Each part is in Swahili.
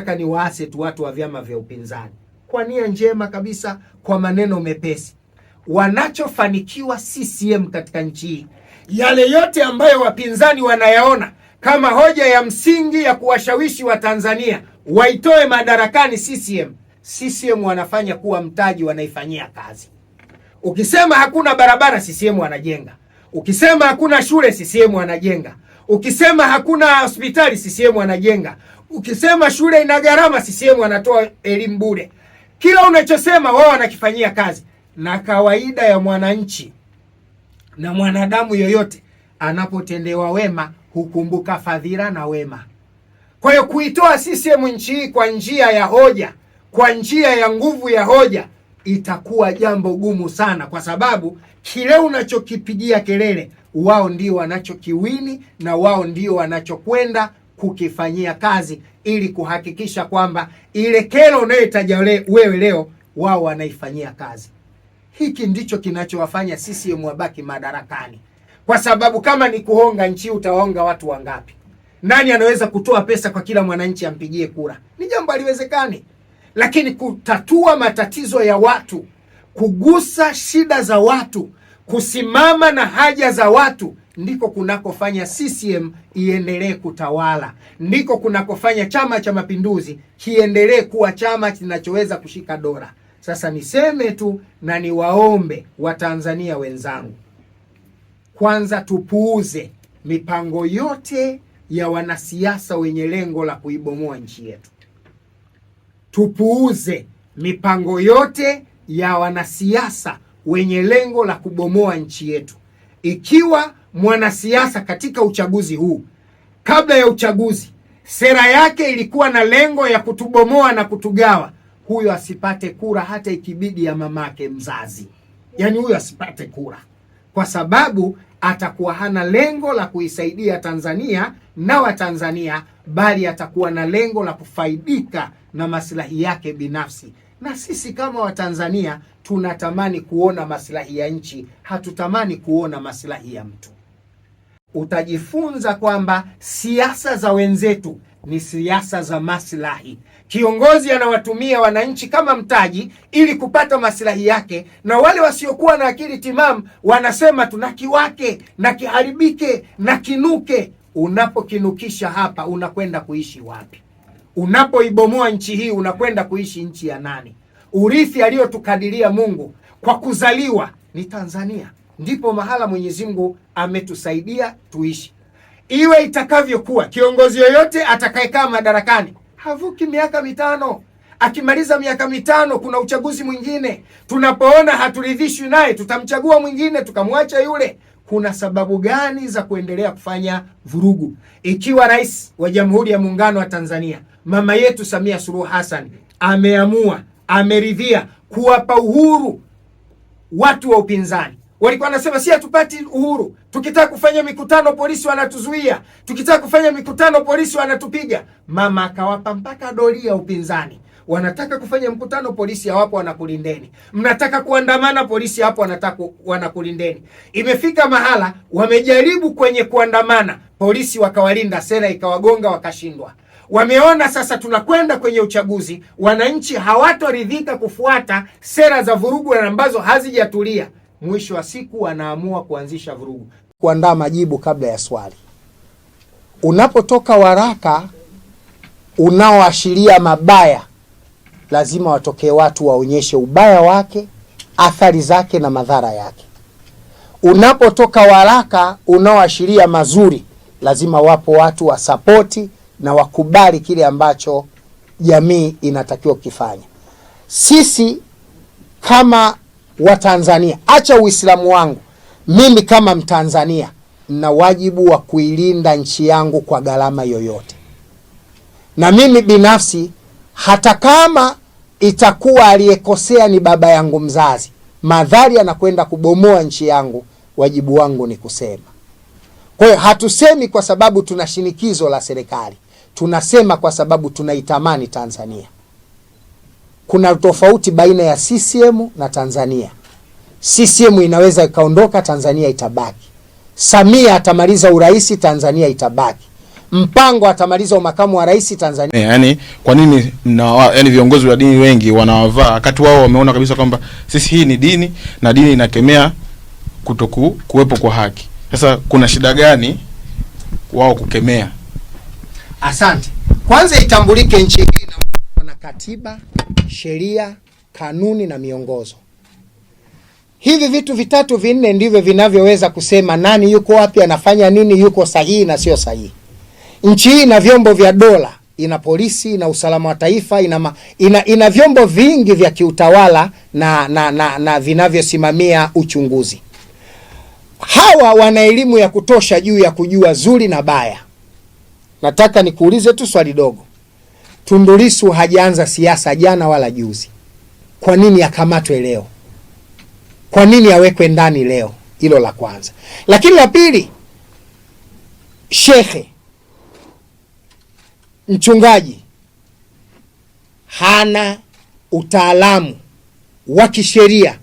Nataka niwaase tu watu wa vyama vya upinzani kwa nia njema kabisa, kwa maneno mepesi. Wanachofanikiwa CCM katika nchi hii, yale yote ambayo wapinzani wanayaona kama hoja ya msingi ya kuwashawishi Watanzania waitoe madarakani CCM, CCM wanafanya kuwa mtaji, wanaifanyia kazi. Ukisema hakuna barabara, CCM wanajenga. Ukisema hakuna shule, CCM wanajenga. Ukisema hakuna hospitali, CCM wanajenga. Ukisema shule ina gharama, CCM anatoa elimu bure. Kila unachosema wao wanakifanyia kazi, na kawaida ya mwananchi na mwanadamu yoyote anapotendewa wema hukumbuka fadhila na wema. Kwa hiyo kuitoa CCM nchi hii kwa njia ya hoja, kwa njia ya nguvu ya hoja itakuwa jambo gumu sana, kwa sababu kile unachokipigia kelele wao ndio wanachokiwini na wao ndio wanachokwenda kukifanyia kazi ili kuhakikisha kwamba ile kero unayoitaja wewe leo wao wanaifanyia kazi. Hiki ndicho kinachowafanya CCM wabaki madarakani, kwa sababu kama ni kuhonga nchi, utawaonga watu wangapi? Nani anaweza kutoa pesa kwa kila mwananchi ampigie kura? Ni jambo haliwezekani. Lakini kutatua matatizo ya watu, kugusa shida za watu, kusimama na haja za watu ndiko kunakofanya CCM iendelee kutawala, ndiko kunakofanya Chama cha Mapinduzi kiendelee kuwa chama kinachoweza kushika dola. Sasa niseme tu na niwaombe Watanzania wenzangu, kwanza tupuuze mipango yote ya wanasiasa wenye lengo la kuibomoa nchi yetu. Tupuuze mipango yote ya wanasiasa wenye lengo la kubomoa nchi yetu. Ikiwa mwanasiasa katika uchaguzi huu, kabla ya uchaguzi, sera yake ilikuwa na lengo ya kutubomoa na kutugawa, huyo asipate kura hata ikibidi ya mamake mzazi, yaani huyo asipate kura kwa sababu atakuwa hana lengo la kuisaidia Tanzania na Watanzania, bali atakuwa na lengo la kufaidika na maslahi yake binafsi. Na sisi kama Watanzania tunatamani kuona maslahi ya nchi, hatutamani kuona maslahi ya mtu utajifunza kwamba siasa za wenzetu ni siasa za maslahi. Kiongozi anawatumia wananchi kama mtaji ili kupata maslahi yake, na wale wasiokuwa na akili timamu wanasema tu kiwake na kiharibike na kinuke. Unapokinukisha hapa, unakwenda kuishi wapi? Unapoibomoa nchi hii, unakwenda kuishi nchi ya nani? Urithi aliyotukadiria Mungu kwa kuzaliwa ni Tanzania ndipo mahala Mwenyezi Mungu ametusaidia tuishi. Iwe itakavyokuwa, kiongozi yoyote atakayekaa madarakani havuki miaka mitano. Akimaliza miaka mitano, kuna uchaguzi mwingine. Tunapoona haturidhishwi naye, tutamchagua mwingine, tukamwacha yule. Kuna sababu gani za kuendelea kufanya vurugu? Ikiwa rais wa Jamhuri ya Muungano wa Tanzania mama yetu Samia Suluhu Hassan ameamua, ameridhia kuwapa uhuru watu wa upinzani walikuwa wanasema si hatupati uhuru, tukitaka kufanya mikutano polisi wanatuzuia, tukitaka kufanya mikutano polisi wanatupiga. Mama akawapa mpaka doria upinzani wanataka kufanya mkutano polisi hawapo wanakulindeni, mnataka kuandamana polisi hapo wanakulindeni. Imefika mahala wamejaribu kwenye kuandamana, polisi wakawalinda, sera ikawagonga, wakashindwa. Wameona sasa tunakwenda kwenye uchaguzi, wananchi hawatoridhika kufuata sera za vurugu ambazo hazijatulia mwisho wa siku anaamua kuanzisha vurugu. Kuandaa majibu kabla ya swali, unapotoka waraka unaoashiria mabaya, lazima watokee watu waonyeshe ubaya wake, athari zake na madhara yake. Unapotoka waraka unaoashiria mazuri, lazima wapo watu wasapoti na wakubali kile ambacho jamii inatakiwa kukifanya. Sisi kama wa Tanzania, acha Uislamu wangu, mimi kama Mtanzania na wajibu wa kuilinda nchi yangu kwa gharama yoyote. Na mimi binafsi, hata kama itakuwa aliyekosea ni baba yangu mzazi, madhari anakwenda kubomoa nchi yangu, wajibu wangu ni kusema. Kwa hiyo hatusemi kwa sababu tuna shinikizo la serikali, tunasema kwa sababu tunaitamani Tanzania kuna tofauti baina ya CCM na Tanzania. CCM inaweza ikaondoka, Tanzania itabaki. Samia atamaliza uraisi, Tanzania itabaki. Mpango atamaliza umakamu wa rais Tanzania. Yaani kwa nini na yani viongozi wa dini wengi wanawavaa wakati wao wameona kabisa kwamba sisi hii ni dini na dini inakemea kutoku kuwepo kwa haki. Sasa kuna shida gani wao kukemea? Asante. Kwanza itambulike nchi hii na na katiba, sheria, kanuni na miongozo. Hivi vitu vitatu vinne ndivyo vinavyoweza kusema nani yuko wapi, anafanya nini, yuko sahihi na sio sahihi. Nchi hii ina vyombo vya dola, ina polisi, ina usalama wa taifa, ina, ina, ina vyombo vingi vya kiutawala na, na, na, na vinavyosimamia uchunguzi. Hawa wana elimu ya kutosha juu ya kujua zuri na baya. Nataka nikuulize tu swali dogo. Tundu Lissu hajaanza siasa jana wala juzi. Kwa nini akamatwe leo? Kwa nini awekwe ndani leo? Hilo la kwanza. Lakini la pili, shekhe mchungaji hana utaalamu wa kisheria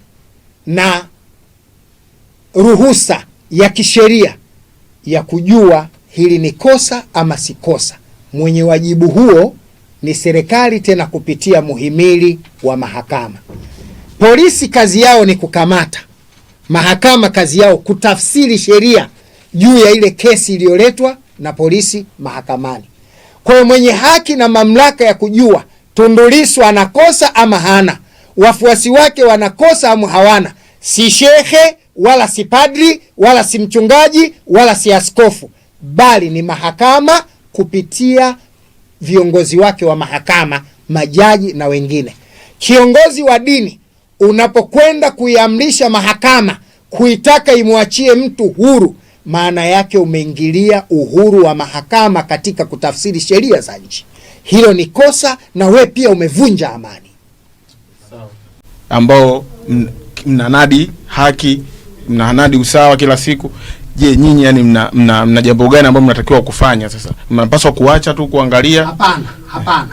na ruhusa ya kisheria ya kujua hili ni kosa ama si kosa. Mwenye wajibu huo ni serikali, tena kupitia muhimili wa mahakama. Polisi kazi yao ni kukamata, mahakama kazi yao kutafsiri sheria juu ya ile kesi iliyoletwa na polisi mahakamani. Kwa hiyo mwenye haki na mamlaka ya kujua Tundu Lissu anakosa ama hana, wafuasi wake wanakosa ama hawana, si shehe wala si padri wala si mchungaji wala si askofu, bali ni mahakama kupitia viongozi wake wa mahakama, majaji na wengine. Kiongozi wa dini unapokwenda kuiamrisha mahakama kuitaka imwachie mtu huru, maana yake umeingilia uhuru wa mahakama katika kutafsiri sheria za nchi. Hilo ni kosa, na we pia umevunja amani ambao mnanadi haki mnanadi usawa kila siku. Je, nyinyi yani mna, mna, mna jambo gani ambalo mnatakiwa kufanya sasa? Mnapaswa kuacha tu kuangalia? Hapana, hapana.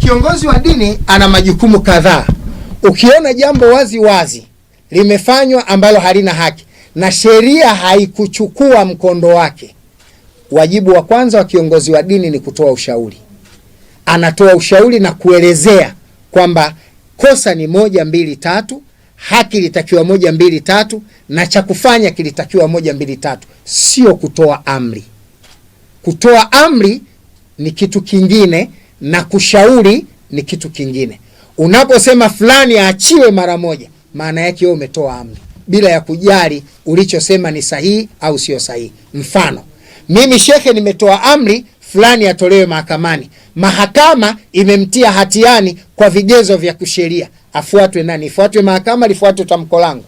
Kiongozi wa dini ana majukumu kadhaa. Ukiona jambo wazi wazi limefanywa ambalo halina haki na sheria haikuchukua mkondo wake, wajibu wa kwanza wa kiongozi wa dini ni kutoa ushauri. Anatoa ushauri na kuelezea kwamba kosa ni moja, mbili, tatu haki ilitakiwa moja mbili tatu na cha kufanya kilitakiwa moja mbili tatu, sio kutoa amri. Kutoa amri ni kitu kingine na kushauri ni kitu kingine. Unaposema fulani aachiwe mara moja, maana yake wewe umetoa amri bila ya kujali ulichosema ni sahihi au sio sahihi. Mfano, mimi shekhe, nimetoa amri fulani atolewe mahakamani, mahakama imemtia hatiani kwa vigezo vya kisheria afuatwe nani? Ifuatwe mahakama, lifuatwe tamko langu?